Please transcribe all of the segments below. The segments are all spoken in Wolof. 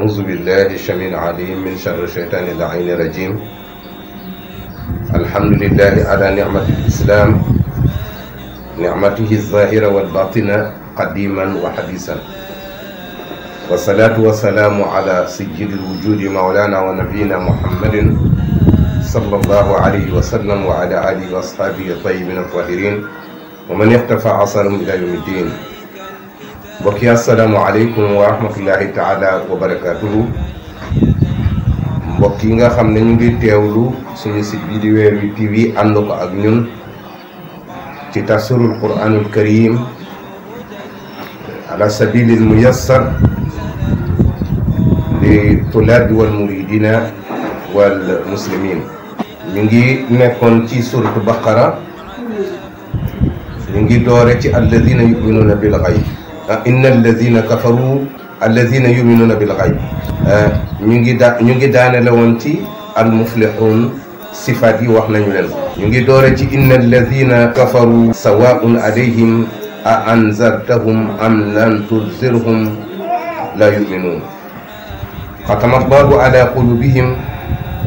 أعوذ بالله الشميع العليم من شر الشيطان اللعين الرجيم الحمد لله على نعمة الإسلام نعمته الظاهرة والباطنة قديما وحديثا والصلاة والسلام على سيد الوجود مولانا ونبينا محمد صلى الله عليه وسلم وعلى آله وأصحابه الطيبين الطاهرين ومن اقتفى عصرهم إلى يوم الدين mbokk yi asalaamaaleykum wa rahmatullahi taala wa barakaatuhu mbokk yi nga xam ne ñu ngi teewlu suñu site bi di Weer Wii TV ànd ko ak ñun ci tafsirul quranul karim ala sabilil muyassar li tulaabi wal muridina wal muslimin ñu ngi nekkoon ci suratu baqara ñu ngi doore ci alladina yuminuuna bil ان الذين كفروا الذين يؤمنون بالغيب آه، نيغي دا نيغي المفلحون صفاتي واخنا نيو لن نيغي ان الذين كفروا سواء عليهم انذرتهم ام لم تنذرهم لا يؤمنون ختم الله على قلوبهم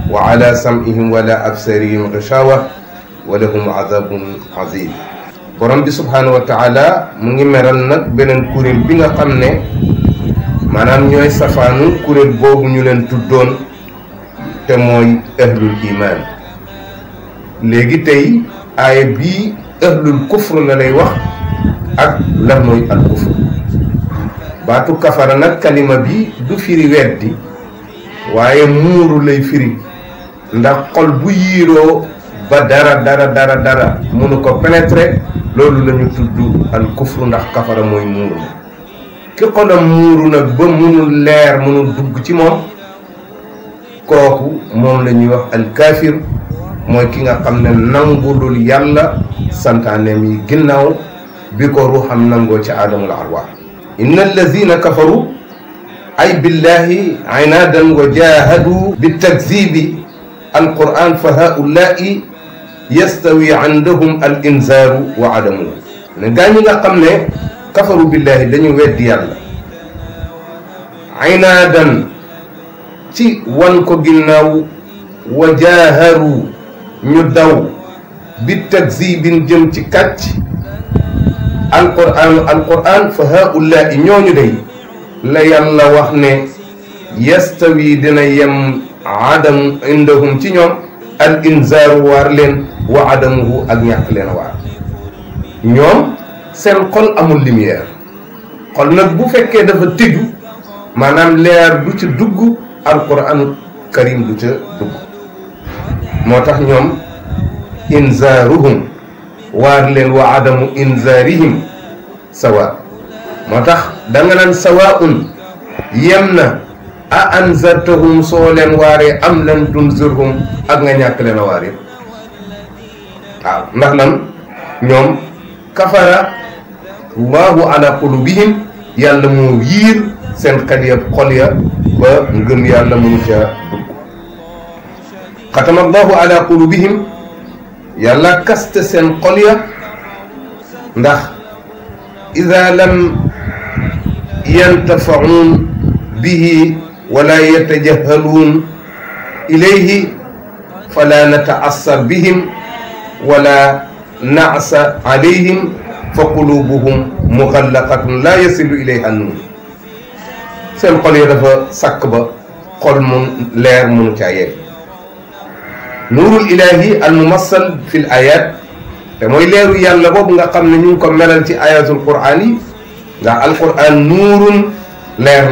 وعلى سمعهم ولا ابصارهم غشاوه ولهم عذاب عظيم borom bi subhaanahu wa mu ngi meral nag beneen kuréel bi nga xam ne maanaam ñooy safaanu kuréel boobu ñu leen tuddoon te mooy ahlul iman léegi tey aaya bi ahlul kufr la lay wax ak lan al kufr baatu kafara nag kalima bi du firi weddi waaye muuru lay firi ndax xol bu yiiroo ba dara dara dara dara mënu ko pénétrer loolu la ñu tudd al kufru ndax kafara mooy muuru na ki xolam muuru nag ba munul leer munul dugg ci moom kooku moom la ñuy wax al kaafir mooy ki nga xam ne nangulul yàlla santaaneem yi ginnaaw bi ko ruuxam nangoo ci aadamul arwaax inna allazina kafaru ay billahi inaadan wa jaahadu bi takzibi al quran fa haulaai yastawi indahum al inzaaru wa adamu ne gaa ñi nga xam ne kafaru billahi dañu weddi yàlla inaadan ci wan ko ginnaaw wa jaaharu ñu daw bi takzibin jëm ci kàcc alquranu alquran fa haulaai ñooñu day la yàlla wax ne yastawi dina yem adam indahum ci ñoom al inzaaru leen waa adamuhu ak ñàkk leen waar ñoom seen xol amul lumière xol nag bu fekkee dafa tëju maanaam leer lu ci dugg alquranu karim du ca dugg moo tax ñoom inzaaruhum waar leen wa adamu inzaarihim sawa moo tax da leen naan sawaun yem na a anzartahum soo leen waaree am lan dunzirhum ak nga ñàkk leen a waar yëpp waaw ndax lan ñoom kafara allahu ala qulubihim yàlla moo yiir seen xel ya xol ya ba ngëm yàlla mënu ca dugg xatama allahu ala qulubihim yàlla kaste seen xol ya ndax ida lam yantafaun bihi wala yatajahaluun ilayhi fala nataassar bihim ولا نعس عليهم فقلوبهم مغلقة لا يصل إليها النور سيل قول يدفع سكبة قول من لير من كايير نور الإلهي الممثل في الآيات تموي لير يالله بغا قمنا نيوكم ملل في آيات القرآن لا القرآن نور لير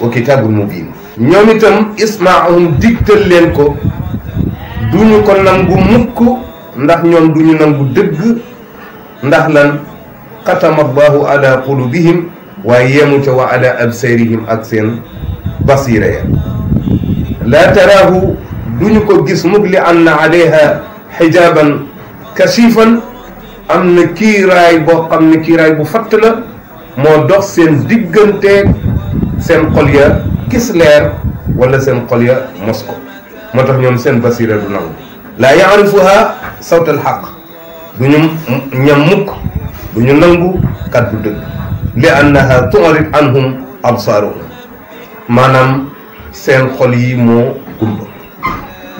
وكتاب المبين نيوم اسمعهم ديكتل لينكو دونكم نمغو مكو ndax ñoom du ñu nangu dëgg ndax lan xatama allahu ala qulubihim waaye yemu ca wa ala ak seen basira ya laa taraahu du ñu ko gis mug li an na alayha xijaaban am na kiiraay boo xam ne bu fatt moo dox seen diggante seen xol ya gis leer wala seen xol ya mos ko moo tax ñoom seen basira du nangu لا يعرفها صوت الحق دون يمك دون لانها تعرض عنهم ابصارهم مانام سين خولي مو غوند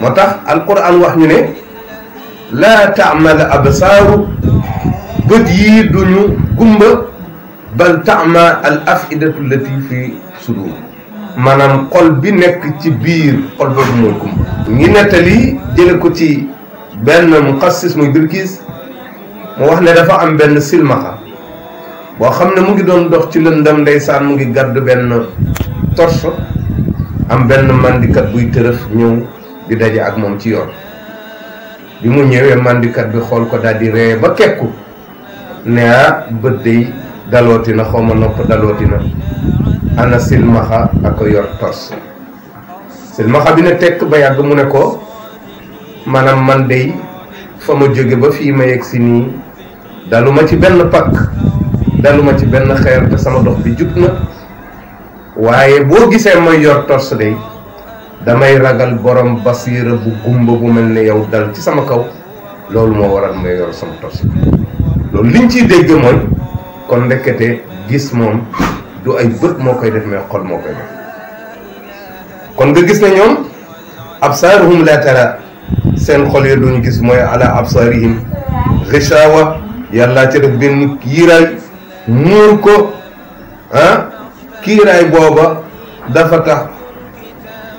موتاخ القران واخ ني لا تعمل ابصار بدي دون غومبا بل تعمى الافئده التي في صدورهم maanaam xol bi nekk ci biir xol boobu mooy kumb ngi nettali jële ko ci benn muqassis muy Birkiis mu wax ne dafa am benn silmaxa boo xam ne mu ngi doon dox ci lëndam ndeysaan mu ngi gàddu benn torche am benn mandikat buy tërëf ñëw di daje ak moom ci yoon bi mu ñëwee mandikat bi xool ko daal ree ba kekku ne ah bët day dalooti na xaw ma nopp dalooti na ana silmaxa ak ko yor tos silmaxa bi ne tekk ba yàgg mu ne ko maanaam man dey fa ma jóge ba fii ma yegg si nii daluma ci benn pakk daluma ci benn xeer te sama dox bi jub na waaye boo gisee may yor tors day damay ragal borom basiira bu gumba bu mel ni yow dal ci sama kaw loolu moo waral may yor sama tors loolu liñ ciy dégg mooy kon ndekkete gis mom du ay beut mo koy def mais xol mo koy def kon nga gis ne ñom absaaruhum la tara sen xol yu duñu gis moy ala absarihim ghishawa yàlla ci def ben kiray mur ko ah kiray boba dafa tax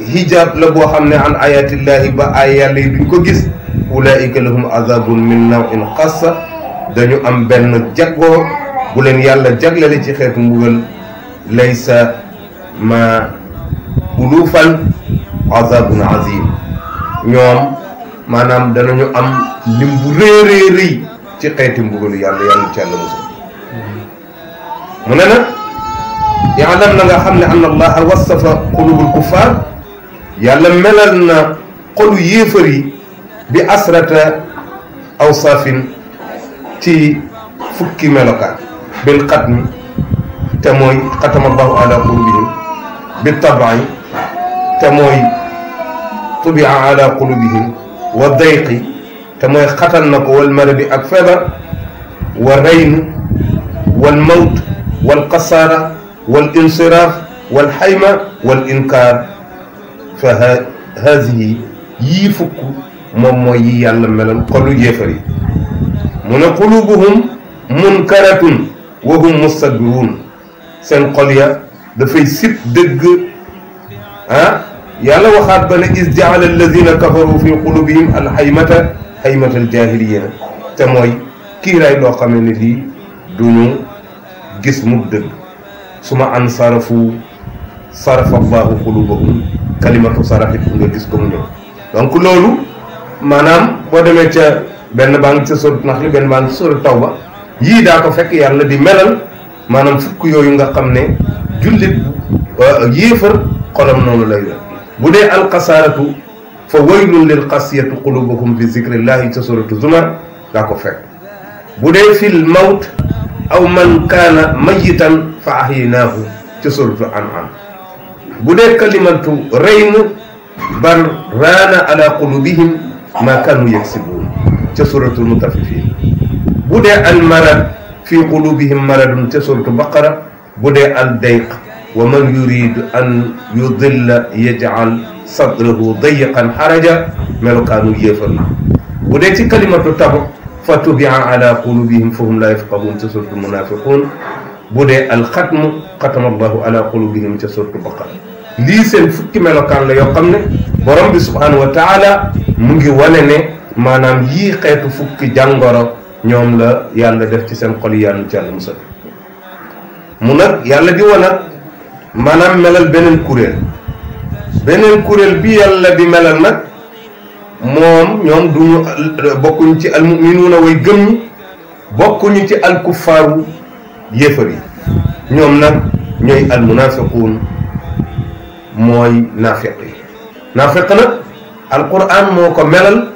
hijab la bo xamne an ayati allah ba ayali yàlla duñ ko gis ulaika lahum azabun min nawin xassa dañu am benn jaggoo بولن يالا جاغلالي سي خيت مغل ليس ما خلوفا عذاب عظيم نيوم مانام دا نيو ام لم بو ري ري ري سي خيت مغل يالا يالا تيال موسو مننا يعلم نغا خمن ان الله وصف قلوب الكفار يالا ملالنا قلو يفري بأسرة أوصاف تي فكي ملوكات بالقدم تموي قدم الله على قلوبهم بالطبع تموي طبع على قلوبهم والضيق تموي قتل والمرض أكفر والرين والموت والقصارة والانصراف والحيمة والإنكار فهذه يفك مموي على الملل قلو جفري من قلوبهم منكرة وهم مستكبرون سن قليا دا في سيب دغ ها يالا وخات بنا اذ جعل الذين كفروا في قلوبهم الحيمه حيمه الجاهليه تا موي كي راي لو خامني لي دونو غيس مو دغ سما انصرفوا صرف الله قلوبهم كلمه صرفت نغا غيس كوم نيو دونك لولو مانام بو ديمي تيا بن بانك تي سورت نخل بن بانك سورت توبه yii daa ko fekk yàlla di melal maanaam fukk yooyu nga xam ne jullit yéefar xolam noonu lay doon bu dee alxasaaratu fa waylun lil xasiyatu qulubuhum bi zikrillahi ca suratu zumar daa ko fekk bu dee fil mawt aw man kaana mayitan fa ahyinaahu ca suratu an'am bu dee kalimatu rayn bal raana ala qulubihim ma kanu yaksibuun ca suratul mutaffifin بودي المرض في قلوبهم مرض تسورة بقرة بودي الضيق ومن يريد أن يضل يجعل صدره ضيقا حرجا ملكانو يفر بودي كلمة تتبع فتبع على قلوبهم فهم لا يفقهون تسورة المنافقون بودي الختم ختم الله على قلوبهم تسورة بقرة لي سن فك ملكان لا يقمن برمب سبحانه وتعالى مجي ولنه manam yi xetu fukki jangoro ñoom la yàlla def ci seen xol yi yàlla ci yàlla musal mu nag yàlla di wan nag maanaam melal beneen kuréel beneen kuréel bi yàlla di melal nag moom ñoom duñu bokkuñ ci almuminuuna way gëm bokkuñu ci alkuffaaru yéefar yi ñoom nag ñooy almunafiquun mooy naafiq yi naafiq nag alquran moo ko melal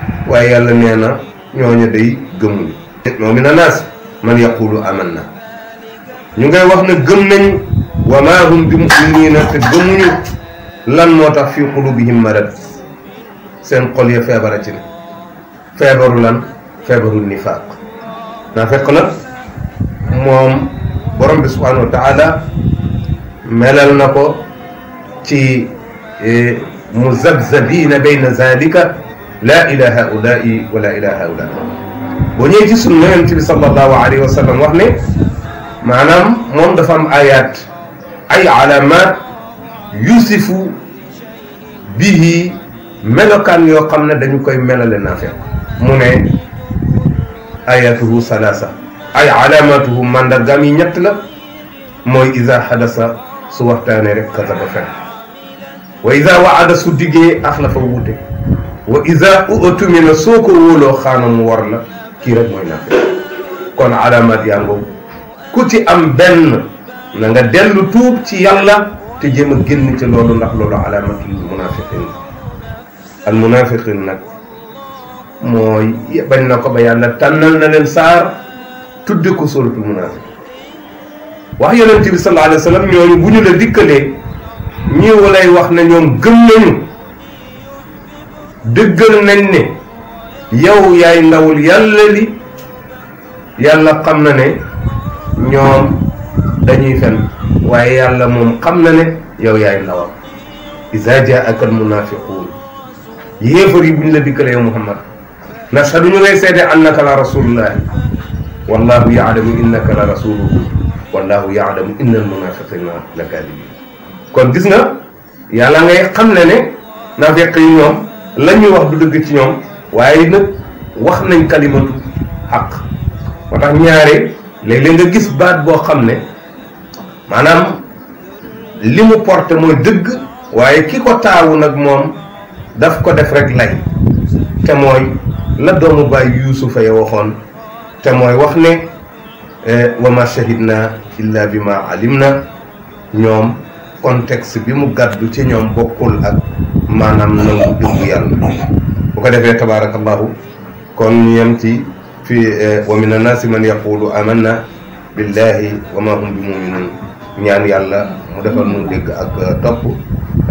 waaye yàlla nee na ñooñu day gëmuñu moom na naas man yaqulu aman na ñu ngay wax ne gëm nañ wa maa hum bi muminina te gëmuñu lan moo tax fii xulubihim marad seen xol ya feebara ci ne feebaru lan feebaru nifaaq naa fekk la moom borom bi subhanahu wa taala melal na ko ci muzabzabina bayna zalika لا إلى هؤلاء ولا إلى هؤلاء بني جسم نين صلى الله عليه وسلم وحني معنام من دفهم آيات أي علامات يوسف به melokaan yoo xam ne dañu koy melale naafeq mu ne ayatuhu salaasa ay alaamatuhu mandargaam yi ñett la mooy isa xadasa su waxtaanee rek kasaba fen wa isa waada su diggee axlafa wuute wa isa utumina soo ko wóoloo xaanam mu war la kii rek mooy naafeq kon alamat yaa ngoog ku ci am benn na dellu tuub ci yàlla te jéem a génn ci loolu ndax loolu alamatul munafiqin al nag mooy bañ na ko ba yàlla tànnal na leen saar tuddi ko suratul munafiq wax yonent bi sallallahu alayhi ñooñu bu ñu la dikkalee ñi walay wax ne ñoom gëm dëggal nañ ne yow yaay ndawul yàlla li yàlla xam na ne ñoom dañuy fen waaye yàlla moom xam na ne yow yaay ndawal iza jaaka al munafiquun yéefar yi buñ la dikkalee yow muhammad nashhadu ñu lay seede annaka la rasulullahi wallahu yaalamu innaka la rasuluhu wallahu yaalamu inna al munafiqina la kadibin kon gis nga yàlla ngay xam ne ne nafiq yi ñoom la ñuy wax du dëgg ci ñoom waaye nag wax nañ kalimatu xaq moo tax ñaare léeg-léeg nga gis baat boo xam ne maanaam li mu porte mooy dëgg waaye ki ko taawu nag moom daf ko def rek lay te mooy la doomu baay yuusufa ya waxoon te mooy wax ne eh, wa ma shahidna illa bi ma alim na ñoom contexte bi mu gàddu ci ñoom bokkul ak maanaam nangu jubbu yàlla bu ko defee tabaarakallahu kon ñu yem ci fi eh, wa min annaasi man yaqulu amanna billahi wa ma hum bi muminun ñaan yàlla mu defal nu dégg ak topp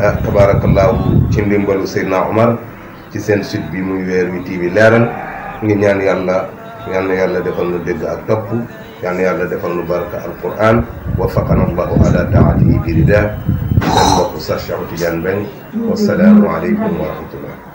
ah, tabaarakallahu ci ndimbalu Seydina Omar ci seen site bi muy Weer Wii TV leeral ngi ñaan yàlla ñaan yàlla defal nu dégg ak topp yal na yàlla defal lu barka alquran wafaqana allahu ala taatihi bi rida seen mbokk Cheikh Tidiane Mbengue wasalaamu aleykum wa rahmatullah